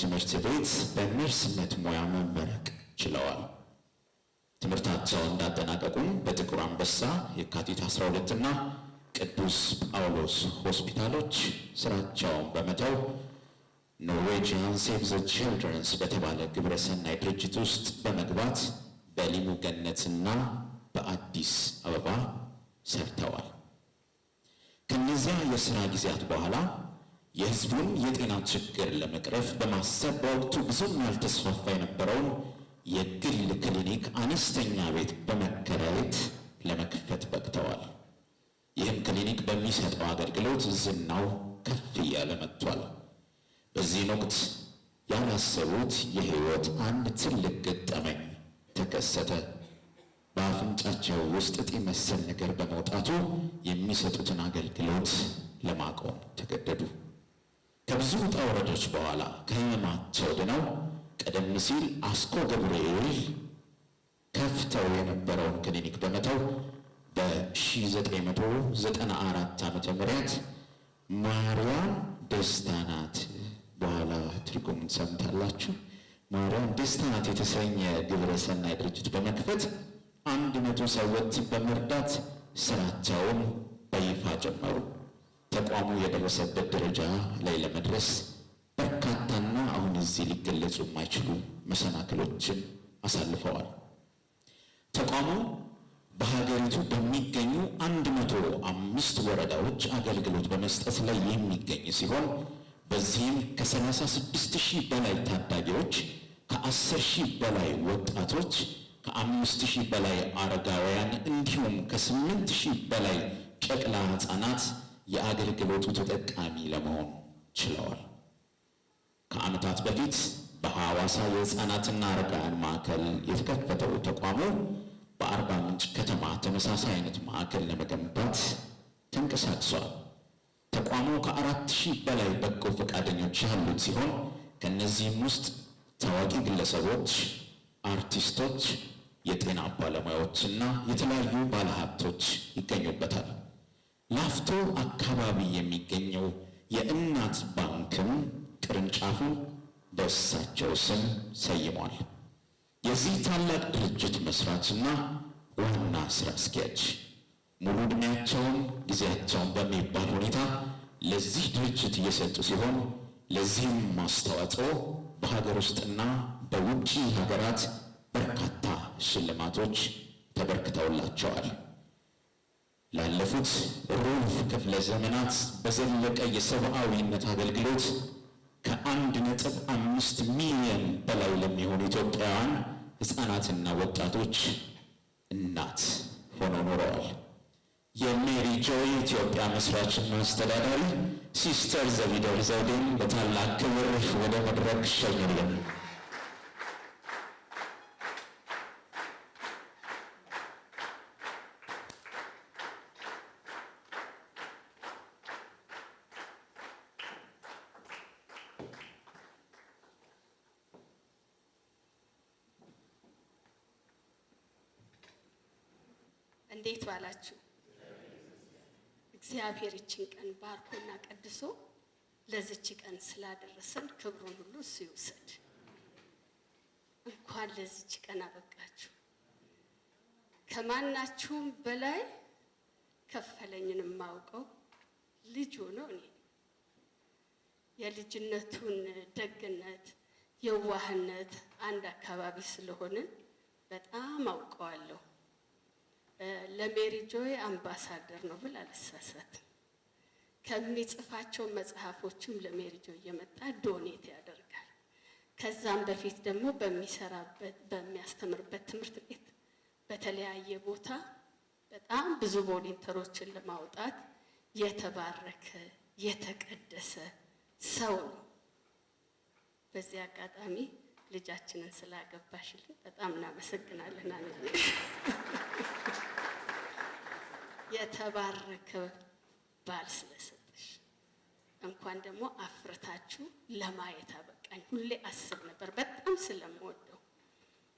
ትምህርት ቤት በነርስነት ሙያ መመረቅ ችለዋል። ትምህርታቸውን እንዳጠናቀቁም በጥቁር አንበሳ የካቲት 12 እና ቅዱስ ጳውሎስ ሆስፒታሎች ስራቸውን በመተው ኖርዌጂያን ሴቭ ዘ ችልድረንስ በተባለ ግብረሰናይ ድርጅት ውስጥ በመግባት በሊሙ ገነትና በአዲስ አበባ ሰርተዋል። ከነዚያ የስራ ጊዜያት በኋላ የህዝቡን የጤና ችግር ለመቅረፍ በማሰብ በወቅቱ ብዙም ያልተስፋፋ የነበረውን የግል ክሊኒክ አነስተኛ ቤት በመከራየት ለመክፈት በቅተዋል። ይህም ክሊኒክ በሚሰጠው አገልግሎት ዝናው ከፍ እያለ መጥቷል። በዚህን ወቅት ያላሰቡት የህይወት አንድ ትልቅ ገጠመኝ ተከሰተ። በአፍንጫቸው ውስጥ እጢ መሰል ነገር በመውጣቱ የሚሰጡትን አገልግሎት ለማቆም ተገደዱ። ከብዙ ውጣ ውረዶች በኋላ ከህመማቸው ድነው ቀደም ሲል አስኮ ገብርኤል ከፍተው የነበረውን ክሊኒክ በመተው በ1994 ዓመተ ምህረት ማርያም ደስታ ናት በኋላ ትርጉሙን ሰምታላችሁ። ማርያም ደስታ ናት የተሰኘ ግብረ ሰናይ ድርጅት በመክፈት አንድ መቶ ሰዎች በመርዳት ስራቸውን በይፋ ጀመሩ። ተቋሙ የደረሰበት ደረጃ ላይ ለመድረስ በርካታና አሁን እዚህ ሊገለጹ የማይችሉ መሰናክሎችን አሳልፈዋል። ተቋሙ በሀገሪቱ በሚገኙ አንድ መቶ አምስት ወረዳዎች አገልግሎት በመስጠት ላይ የሚገኝ ሲሆን በዚህም ከ36 ሺህ በላይ ታዳጊዎች፣ ከ10 ሺህ በላይ ወጣቶች፣ ከ5 ሺህ በላይ አረጋውያን እንዲሁም ከ8 ሺህ በላይ ጨቅላ ህፃናት። የአገልግሎቱ ተጠቃሚ ለመሆን ችለዋል። ከዓመታት በፊት በሐዋሳ የሕፃናትና አረጋውያን ማዕከል የተከፈተው ተቋሙ በአርባ ምንጭ ከተማ ተመሳሳይ አይነት ማዕከል ለመገንባት ተንቀሳቅሷል። ተቋሙ ከአራት ሺህ በላይ በጎ ፈቃደኞች ያሉት ሲሆን ከእነዚህም ውስጥ ታዋቂ ግለሰቦች፣ አርቲስቶች፣ የጤና ባለሙያዎች እና የተለያዩ ባለሀብቶች ይገኙበታል። ላፍቶ አካባቢ የሚገኘው የእናት ባንክም ቅርንጫፉን በእሳቸው ስም ሰይሟል። የዚህ ታላቅ ድርጅት መስራችና ዋና ስራ አስኪያጅ ሙሉ ዕድሜያቸውን ጊዜያቸውን በሚባል ሁኔታ ለዚህ ድርጅት እየሰጡ ሲሆን ለዚህም ማስተዋጽኦ በሀገር ውስጥና በውጪ ሀገራት በርካታ ሽልማቶች ተበርክተውላቸዋል። ላለፉት ሩብ ክፍለ ዘመናት በዘለቀ የሰብአዊነት አገልግሎት ከአንድ ነጥብ አምስት ሚሊዮን በላይ ለሚሆኑ ኢትዮጵያውያን ህፃናትና ወጣቶች እናት ሆነው ኖረዋል። የሜሪ ጆይ ኢትዮጵያ መስራችና አስተዳዳሪ ሲስተር ዘቢደር ዘውዴን በታላቅ ክብር ወደ መድረክ ሸኝልን። ባላችሁ። እግዚአብሔር ይችን ቀን ባርኮና ቀድሶ ለዚች ቀን ስላደረሰን ክብሩን ሁሉ እሱ ይውሰድ። እንኳን ለዚች ቀን አበቃችሁ። ከማናችሁም በላይ ከፈለኝን የማውቀው ልጅ ሆኖ እኔ የልጅነቱን ደግነት የዋህነት አንድ አካባቢ ስለሆንን በጣም አውቀዋለሁ። ለሜሪ ጆይ አምባሳደር ነው ብል አልሳሳትም። ከሚጽፋቸው መጽሐፎችም ለሜሪ ጆይ እየመጣ ዶኔት ያደርጋል። ከዛም በፊት ደግሞ በሚሰራበት በሚያስተምርበት ትምህርት ቤት በተለያየ ቦታ በጣም ብዙ ቮሊንተሮችን ለማውጣት የተባረከ የተቀደሰ ሰው ነው። በዚህ አጋጣሚ ልጃችንን ስላገባሽልን በጣም እናመሰግናለን። የተባረከ ባል ስለሰጠሽ እንኳን ደግሞ አፍርታችሁ ለማየት አበቃኝ። ሁሌ አስብ ነበር በጣም ስለምወደው።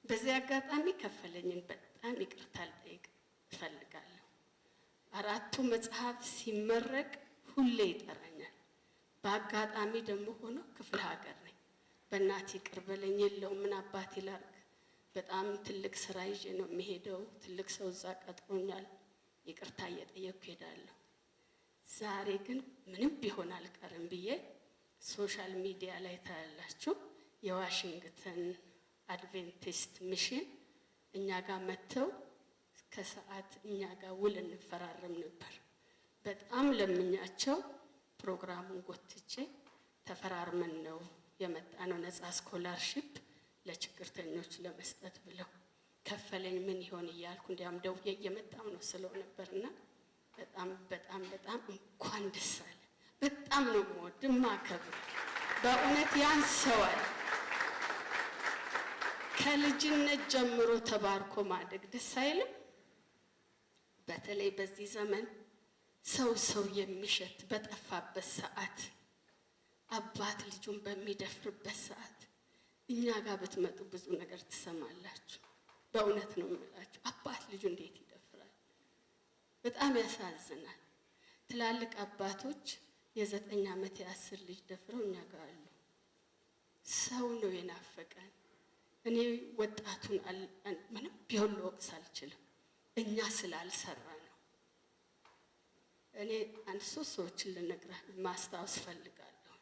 በዚህ አጋጣሚ ከፈለኝን በጣም ይቅርታ ልጠይቅ እፈልጋለሁ። አራቱ መጽሐፍ ሲመረቅ ሁሌ ይጠራኛል። በአጋጣሚ ደግሞ ሆኖ ክፍለ ሀገር ነኝ። በእናቴ ይቅር በለኝ የለው ምን አባት ላርግ። በጣም ትልቅ ስራ ይዤ ነው የሚሄደው። ትልቅ ሰው እዛ ቀጥሮኛል። ይቅርታ እየጠየቅኩ ሄዳለሁ። ዛሬ ግን ምንም ቢሆን አልቀርም ብዬ ሶሻል ሚዲያ ላይ ታያላችሁ። የዋሽንግተን አድቬንቲስት ሚሽን እኛ ጋር መጥተው ከሰዓት እኛ ጋር ውል እንፈራረም ነበር። በጣም ለምኛቸው ፕሮግራሙን ጎትቼ ተፈራርመን ነው የመጣ ነው ነፃ ስኮላርሺፕ ለችግርተኞች ለመስጠት ብለው ከፈለኝ ምን ይሆን እያልኩ እንዲያም ደውዬ እየመጣም ነው ስለው ነበር በጣም በጣም በጣም እንኳን ደስ አለ። በጣም ነው የምወድ የማከብር። በእውነት ያንሰዋል። ከልጅነት ጀምሮ ተባርኮ ማደግ ደስ አይልም? በተለይ በዚህ ዘመን ሰው ሰው የሚሸት በጠፋበት ሰዓት፣ አባት ልጁን በሚደፍርበት ሰዓት እኛ ጋር ብትመጡ ብዙ ነገር ትሰማላችሁ። በእውነት ነው የምላቸው። አባት ልጁ እንዴት ይደፍራል? በጣም ያሳዝናል። ትላልቅ አባቶች የዘጠኝ ዓመት የአስር ልጅ ደፍረው እኛ ጋር አሉ። ሰው ነው የናፈቀን። እኔ ወጣቱን ምንም ቢሆን ልወቅስ አልችልም። እኛ ስላልሰራ ነው። እኔ አንድ ሶስት ሰዎችን ልነግርህ ማስታወስ ፈልጋለሁ።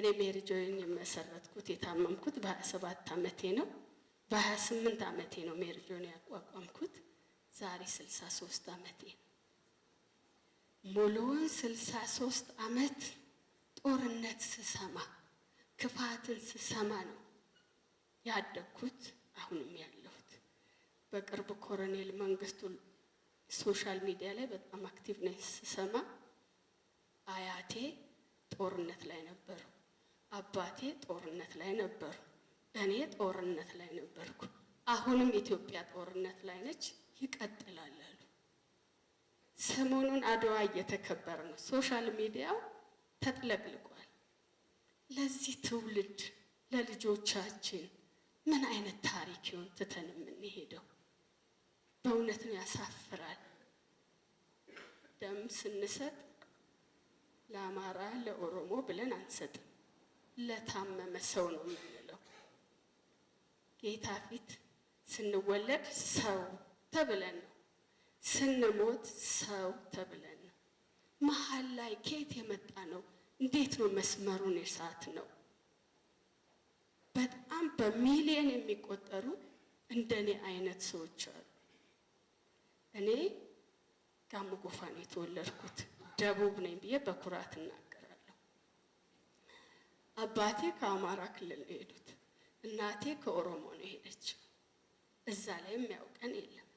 እኔ ሜሪጆይን የመሰረትኩት የታመምኩት በሀያ ሰባት ዓመቴ ነው። በ28 ዓመቴ ነው ሜሪጆን ያቋቋምኩት። ዛሬ 63 ዓመቴ ነው። ሙሉውን 63 ዓመት ጦርነት ስሰማ ክፋትን ስሰማ ነው ያደግኩት አሁንም ያለሁት። በቅርብ ኮሎኔል መንግስቱ ሶሻል ሚዲያ ላይ በጣም አክቲቭ ነኝ ስሰማ አያቴ ጦርነት ላይ ነበሩ፣ አባቴ ጦርነት ላይ ነበሩ። እኔ ጦርነት ላይ ነበርኩ። አሁንም ኢትዮጵያ ጦርነት ላይ ነች፣ ይቀጥላል አሉ። ሰሞኑን አድዋ እየተከበረ ነው። ሶሻል ሚዲያው ተጥለቅልቋል። ለዚህ ትውልድ ለልጆቻችን ምን አይነት ታሪክ ይሆን ትተን የምንሄደው? በእውነት ነው ያሳፍራል። ደም ስንሰጥ ለአማራ ለኦሮሞ ብለን አንሰጥም። ለታመመ ሰው ነው ጌታ ፊት ስንወለድ ሰው ተብለን ነው፣ ስንሞት ሰው ተብለን ነው። መሀል ላይ ከየት የመጣ ነው? እንዴት ነው መስመሩን የሳት ነው? በጣም በሚሊየን የሚቆጠሩ እንደኔ አይነት ሰዎች አሉ። እኔ ጋሞ ጎፋን የተወለድኩት ደቡብ ነኝ ብዬ በኩራት እናገራለሁ። አባቴ ከአማራ ክልል ነው የሄዱት እናቴ ከኦሮሞ ነው የሄደችው። እዛ ላይ የሚያውቀን የለም።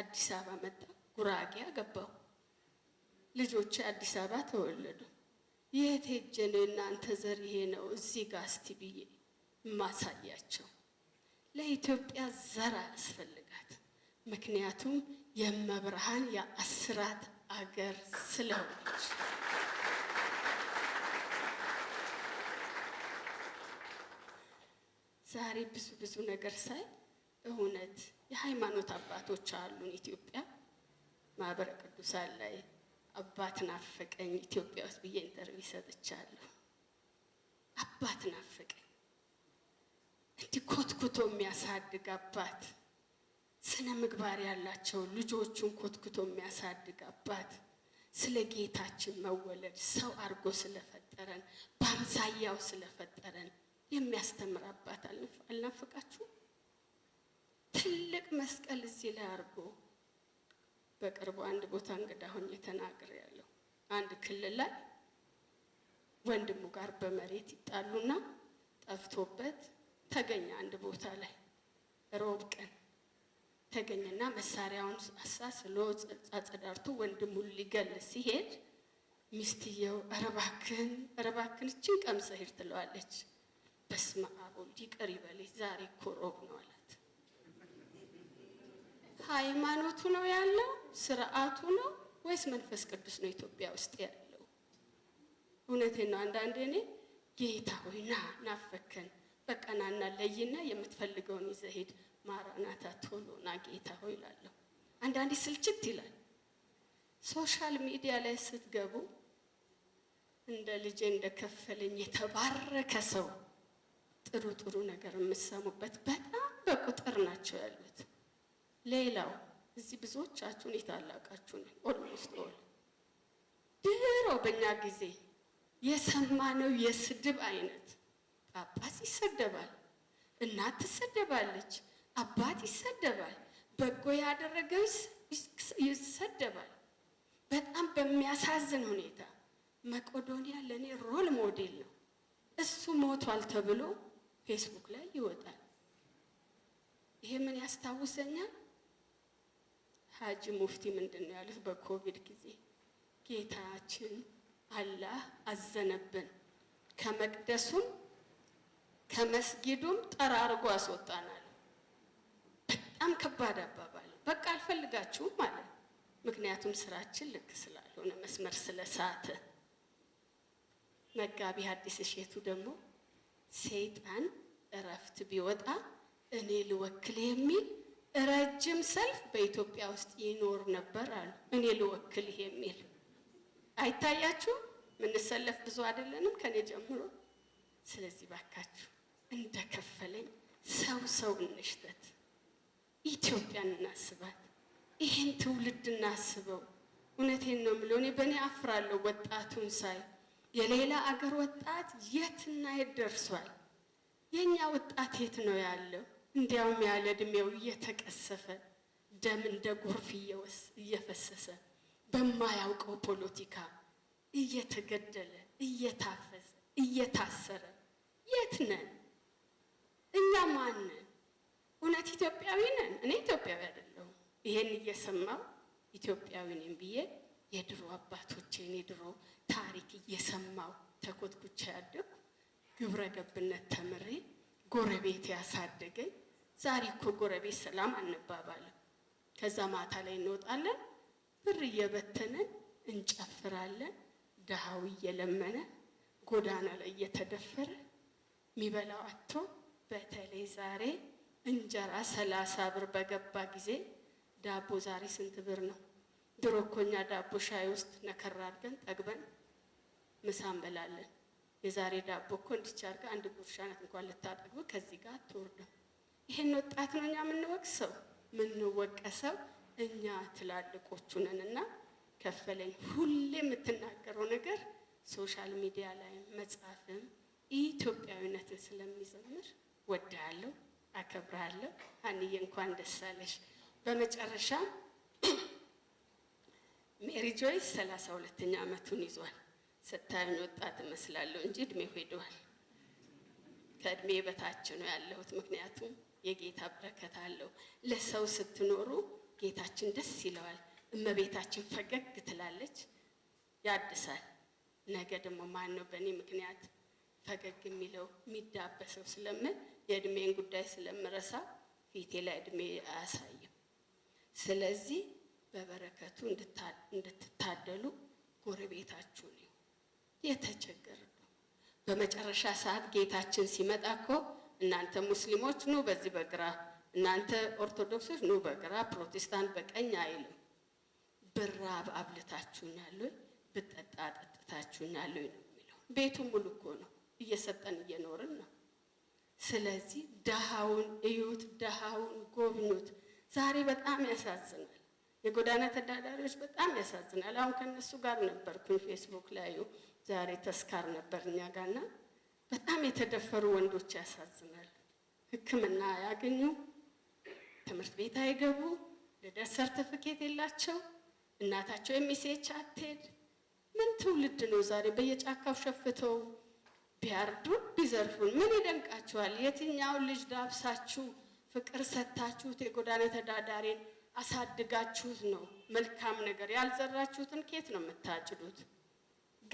አዲስ አበባ መጣ፣ ጉራጌ አገባሁ። ልጆች አዲስ አበባ ተወለዱ። የት ሄጄ ነው እናንተ ዘር ይሄ ነው እዚህ ጋ እስቲ ብዬ የማሳያቸው? ለኢትዮጵያ ዘር አያስፈልጋት፣ ምክንያቱም የመብርሃን የአስራት አገር ስለሆነች ዛሬ ብዙ ብዙ ነገር ሳይ እውነት የሃይማኖት አባቶች አሉን። ኢትዮጵያ ማህበረ ቅዱሳን ላይ አባት ናፈቀኝ ኢትዮጵያ ውስጥ ብዬ ኢንተርቪው ሰጥቻለሁ። አባት ናፈቀኝ እንዲህ ኮትኩቶ የሚያሳድግ አባት፣ ስነ ምግባር ያላቸው ልጆቹን ኮትኩቶ የሚያሳድግ አባት፣ ስለ ጌታችን መወለድ ሰው አድርጎ ስለፈጠረን በአምሳያው ስለፈጠረን የሚያስተምር አባት አልናፈቃችሁ ትልቅ መስቀል እዚህ ላይ አድርጎ በቅርቡ አንድ ቦታ እንግዳ ሆኜ ተናግሬ ያለው አንድ ክልል ላይ ወንድሙ ጋር በመሬት ይጣሉና ጠፍቶበት ተገኘ። አንድ ቦታ ላይ ሮብ ቀን ተገኘና መሳሪያውን አሳስሎ አጸዳርቶ ወንድሙን ሊገል ሲሄድ ሚስትየው እባክህን እባክህን እችን ቀምሰህ ሂድ ትለዋለች። በስመ አብ ወልድ ይቅር ይበለኝ ዛሬ እኮ ሮብ ነው አላት። ሃይማኖቱ ነው ያለው ስርዓቱ ነው ወይስ መንፈስ ቅዱስ ነው ኢትዮጵያ ውስጥ ያለው? እውነቴን ነው። አንዳንዴ እኔ ጌታ ሆይ ና ናፈከን፣ በቃ ናና ለይና የምትፈልገውን ይዘህ ሂድ፣ ማራናታ ቶሎ ና ጌታ ሆይ እላለሁ። አንዳንዴ ስልችት ይላል። ሶሻል ሚዲያ ላይ ስትገቡ እንደ ልጄ እንደከፈለኝ የተባረከ ሰው ጥሩ ጥሩ ነገር የምሰሙበት በጣም በቁጥር ናቸው ያሉት። ሌላው እዚህ ብዙዎቻችሁን የታላቃችሁ ነን። ኦልሞስት ኦል ድሮ በእኛ ጊዜ የሰማነው የስድብ አይነት ጳጳስ ይሰደባል፣ እናት ትሰደባለች፣ አባት ይሰደባል፣ በጎ ያደረገው ይሰደባል። በጣም በሚያሳዝን ሁኔታ መቄዶንያ ለእኔ ሮል ሞዴል ነው። እሱ ሞቷል ተብሎ ፌስቡክ ላይ ይወጣል። ይሄ ምን ያስታውሰኛል? ሀጂ ሙፍቲ ምንድን ነው ያሉት? በኮቪድ ጊዜ ጌታችን አላህ አዘነብን፣ ከመቅደሱም ከመስጊዱም ጠራርጎ አስወጣናል። በጣም ከባድ አባባል። በቃ አልፈልጋችሁም ማለት ምክንያቱም ስራችን ልክ ስላልሆነ መስመር ስለሳተ። መጋቢ ሐዲስ እሸቱ ደግሞ ሰይጣን እረፍት ቢወጣ እኔ ልወክል የሚል ረጅም ሰልፍ በኢትዮጵያ ውስጥ ይኖር ነበር አሉ። እኔ ልወክል የሚል አይታያችሁ? ምንሰለፍ ብዙ አይደለንም ከኔ ጀምሮ። ስለዚህ ባካችሁ እንደከፈለኝ ሰው ሰው እንሽተት፣ ኢትዮጵያን እናስባት፣ ይህን ትውልድ እናስበው። እውነቴን ነው የምለው። እኔ በእኔ አፍራለሁ ወጣቱን ሳይ የሌላ አገር ወጣት የትና የት ደርሷል? የእኛ ወጣት የት ነው ያለው? እንዲያውም ያለ እድሜው እየተቀሰፈ ደም እንደ ጎርፍ እየፈሰሰ በማያውቀው ፖለቲካ እየተገደለ እየታፈሰ እየታሰረ የት ነን? እኛ ማን ነን? እውነት ኢትዮጵያዊ ነን? እኔ ኢትዮጵያዊ አይደለሁም። ይሄን እየሰማው ኢትዮጵያዊ ነን ብዬ የድሮ አባቶቼን የድሮ ታሪክ እየሰማው ተኮትኩቻ ያደግኩ ግብረ ገብነት ተምሬ ጎረቤት ያሳደገኝ። ዛሬ እኮ ጎረቤት ሰላም አንባባልም። ከዛ ማታ ላይ እንወጣለን፣ ብር እየበተነን እንጨፍራለን። ድሃው እየለመነ ጎዳና ላይ እየተደፈረ የሚበላው አቶ በተለይ ዛሬ እንጀራ ሰላሳ ብር በገባ ጊዜ ዳቦ ዛሬ ስንት ብር ነው? ድሮ እኮ እኛ ዳቦ ሻይ ውስጥ ነከር አድርገን ጠግበን ምሳ እንበላለን። የዛሬ ዳቦ እኮ እንዲቻርገ አንድ ጉርሻ ናት እንኳን ልታጠግብ ከዚህ ጋር አትወርድም። ይህን ወጣት ነው እኛ የምንወቅሰው የምንወቀሰው እኛ ትላልቆቹ ነን። እና ከፈለኝ ሁሌ የምትናገረው ነገር ሶሻል ሚዲያ ላይ መጽሐፍም ኢትዮጵያዊነትን ስለሚዘምር ወዳለሁ፣ አከብራለሁ። አንዬ እንኳን ደስ አለሽ። በመጨረሻ ሜሪ ጆይስ ሰላሳ ሁለተኛ ዓመቱን ይዟል። ስታዩኝ ወጣት እመስላለሁ እንጂ እድሜ ሄደዋል። ከእድሜ በታች ነው ያለሁት፣ ምክንያቱም የጌታ በረከት አለው። ለሰው ስትኖሩ ጌታችን ደስ ይለዋል። እመቤታችን ፈገግ ትላለች፣ ያድሳል። ነገ ደግሞ ማን ነው በእኔ ምክንያት ፈገግ የሚለው የሚዳበሰው? ስለምን የእድሜን ጉዳይ ስለምረሳ ፊቴ ላይ እድሜ አያሳይም። ስለዚህ በበረከቱ እንድትታደሉ ጎረቤታችሁ ነው የተቸገረ በመጨረሻ ሰዓት ጌታችን ሲመጣ እኮ እናንተ ሙስሊሞች ኑ በዚህ በግራ እናንተ ኦርቶዶክሶች ኑ በግራ ፕሮቴስታንት በቀኝ አይልም። ብራብ አብልታችሁኛል ወይ ብጠጣ ጠጥታችሁኛል ወይ ነው የሚለው። ቤቱ ሙሉ እኮ ነው፣ እየሰጠን እየኖርን ነው። ስለዚህ ድሃውን እዩት፣ ደሃውን ጎብኙት። ዛሬ በጣም ያሳዝናል። የጎዳና ተዳዳሪዎች በጣም ያሳዝናል። አሁን ከነሱ ጋር ነበርኩኝ ፌስቡክ ላዩ ዛሬ ተስካር ነበር እኛ ጋርና በጣም የተደፈሩ ወንዶች ያሳዝናል። ሕክምና ያገኙ ትምህርት ቤት አይገቡ፣ ልደት ሰርተፍኬት የላቸው፣ እናታቸው የሚሴች አትሄድ። ምን ትውልድ ነው ዛሬ? በየጫካው ሸፍተው ቢያርዱ ቢዘርፉን ምን ይደንቃችኋል? የትኛውን ልጅ ዳብሳችሁ ፍቅር ሰጥታችሁት የጎዳና ተዳዳሪን አሳድጋችሁት ነው መልካም ነገር። ያልዘራችሁትን ኬት ነው የምታጭዱት?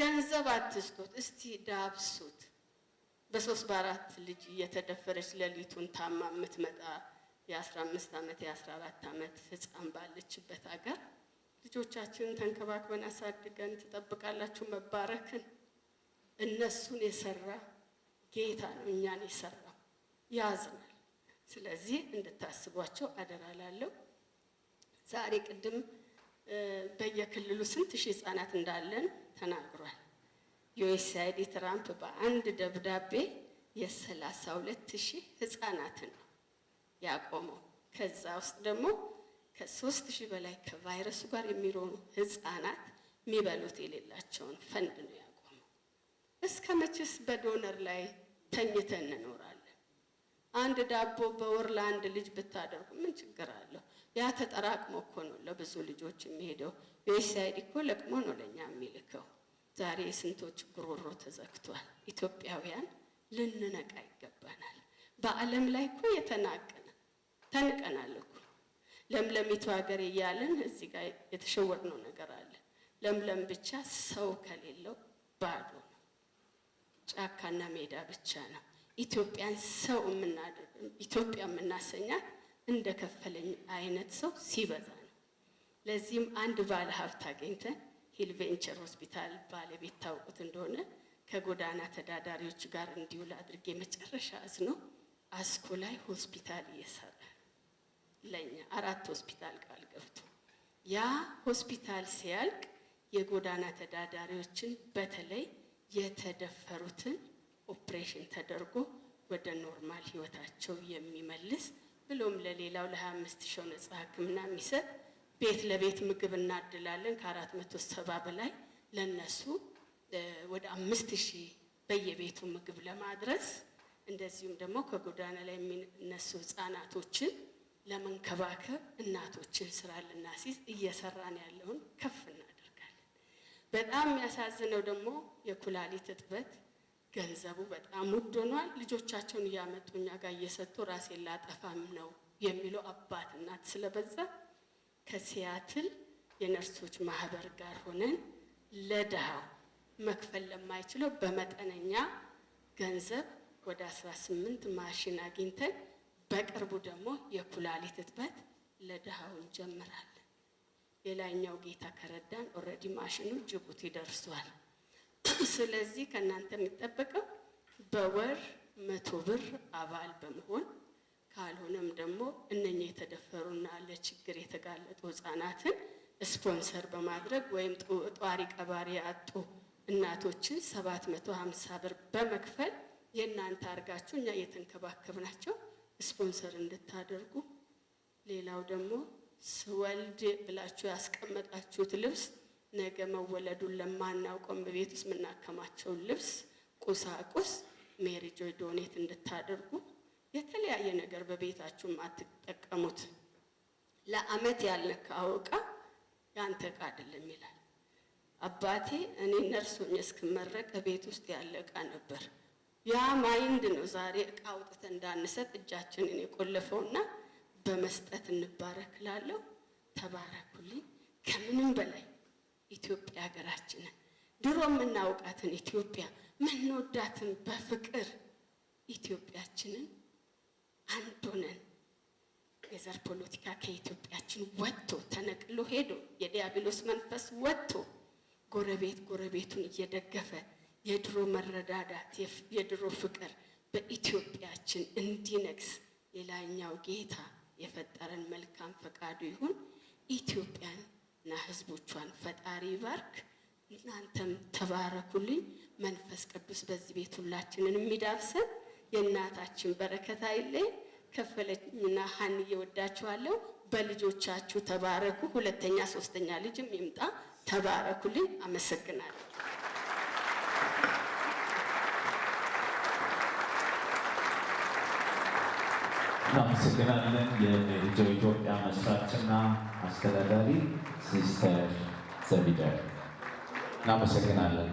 ገንዘብ አትስጡት፣ እስቲ ዳብሱት። በሶስት በአራት ልጅ እየተደፈረች ሌሊቱን ታማ የምትመጣ የአስራ አምስት ዓመት የአስራ አራት ዓመት ህፃን ባለችበት አገር ልጆቻችንን ተንከባክበን አሳድገን ትጠብቃላችሁ መባረክን። እነሱን የሰራ ጌታ ነው እኛን የሰራው ያዝናል። ስለዚህ እንድታስቧቸው አደራላለሁ። ዛሬ ቅድም በየክልሉ ስንት ሺህ ህጻናት እንዳለን ተናግሯል። ዩኤስአይዲ ትራምፕ በአንድ ደብዳቤ የሰላሳ ሁለት ሺህ ህጻናትን ነው ያቆመው። ከዛ ውስጥ ደግሞ ከሶስት ሺህ በላይ ከቫይረሱ ጋር የሚሮኑ ህጻናት የሚበሉት የሌላቸውን ፈንድ ነው ያቆመው። እስከ መቼስ በዶነር ላይ ተኝተን እንኖራለን? አንድ ዳቦ በወር ለአንድ ልጅ ብታደርጉ ምን ችግር አለው? ያ ተጠራቅሞ እኮ ነው ለብዙ ልጆች የሚሄደው። ቤሳይድ እኮ ለቅሞ ነው ለእኛ የሚልከው። ዛሬ የስንቶች ጉሮሮ ተዘግቷል። ኢትዮጵያውያን ልንነቃ ይገባናል። በዓለም ላይ እኮ የተናቀነ ተንቀናል እኮ ለምለሚቱ ሀገር እያለን እዚህ ጋር የተሸወድነው ነገር አለ። ለምለም ብቻ ሰው ከሌለው ባዶ ነው፣ ጫካና ሜዳ ብቻ ነው። ኢትዮጵያን ሰው ኢትዮጵያ የምናሰኛት እንደከፈለኝ አይነት ሰው ሲበዛ ነው። ለዚህም አንድ ባለ ሀብት አገኝተን ሂል ቬንቸር ሆስፒታል ባለቤት ታውቁት እንደሆነ ከጎዳና ተዳዳሪዎች ጋር እንዲውል አድርጌ መጨረሻ አዝኖ አስኮ ላይ ሆስፒታል እየሰራ ለእኛ አራት ሆስፒታል ቃል ገብቶ ያ ሆስፒታል ሲያልቅ የጎዳና ተዳዳሪዎችን በተለይ የተደፈሩትን ኦፕሬሽን ተደርጎ ወደ ኖርማል ህይወታቸው የሚመልስ ብሎም ለሌላው ለ25 ሺህ ነጻ ህክምና የሚሰጥ ቤት ለቤት ምግብ እናድላለን። ከአራት መቶ ሰባ በላይ ለነሱ ወደ አምስት ሺህ በየቤቱ ምግብ ለማድረስ እንደዚሁም ደግሞ ከጎዳና ላይ የሚነሱ ህጻናቶችን ለመንከባከብ እናቶችን ስራ ልናሲዝ እየሰራን ያለውን ከፍ እናደርጋለን። በጣም የሚያሳዝነው ደግሞ የኩላሊት እጥበት ገንዘቡ በጣም ውድ ሆኗል። ልጆቻቸውን እያመጡ እኛ ጋር እየሰጡ ራሴ ላጠፋም ነው የሚለው አባት እናት ስለበዛ ከሲያትል የነርሶች ማህበር ጋር ሆነን ለድሃው መክፈል ለማይችለው በመጠነኛ ገንዘብ ወደ 18 ማሽን አግኝተን በቅርቡ ደግሞ የኩላሊት እጥበት ለድሃው እንጀምራለን። የላይኛው ጌታ ከረዳን ኦልሬዲ ማሽኑ ጅቡቲ ደርሷል። ስለዚህ ከእናንተ የሚጠበቀው በወር መቶ ብር አባል በመሆን ካልሆነም ደግሞ እነኛ የተደፈሩና ለችግር የተጋለጡ ህጻናትን ስፖንሰር በማድረግ ወይም ጧሪ ቀባሪ ያጡ እናቶችን ሰባት መቶ ሀምሳ ብር በመክፈል የእናንተ አድርጋችሁ እኛ እየተንከባከብናቸው ስፖንሰር እንድታደርጉ ሌላው ደግሞ ስወልድ ብላችሁ ያስቀመጣችሁት ልብስ ነገ መወለዱን ለማናውቀውም በቤት ውስጥ የምናከማቸው ልብስ፣ ቁሳቁስ ሜሪ ጆይ ዶኔት እንድታደርጉ የተለያየ ነገር በቤታችሁም አትጠቀሙት። ለአመት ያልነካው ዕቃ ያንተ ዕቃ አይደለም ይላል። አባቴ እኔ ነርስ እስክመረቅ ቤት ውስጥ ያለ እቃ ነበር። ያ ማይንድ ነው ዛሬ እቃ አውጥተ እንዳንሰጥ እጃችንን የቆለፈውና በመስጠት እንባረክላለሁ። ተባረኩልኝ ከምንም በላይ ኢትዮጵያ ሀገራችንን ድሮ የምናውቃትን ኢትዮጵያ ምንወዳትን በፍቅር ኢትዮጵያችንን አንድ ሆነን የዘር ፖለቲካ ከኢትዮጵያችን ወጥቶ ተነቅሎ ሄዶ የዲያብሎስ መንፈስ ወጥቶ ጎረቤት ጎረቤቱን እየደገፈ የድሮ መረዳዳት የድሮ ፍቅር በኢትዮጵያችን እንዲነግስ ሌላኛው ጌታ የፈጠረን መልካም ፈቃዱ ይሁን። ኢትዮጵያን እና ህዝቦቿን ፈጣሪ ባርክ። እናንተም ተባረኩልኝ። መንፈስ ቅዱስ በዚህ ቤት ሁላችንን የሚዳብሰን የእናታችን በረከት አይለይ። ከፈለችና ሀን እየወዳችኋለሁ። በልጆቻችሁ ተባረኩ። ሁለተኛ ሶስተኛ ልጅም ይምጣ። ተባረኩልኝ። አመሰግናለሁ። እናመሰግናለን። የሜሪጆ ኢትዮጵያ መስራችና አስተዳዳሪ ሲስተር ዘቢደር እናመሰግናለን።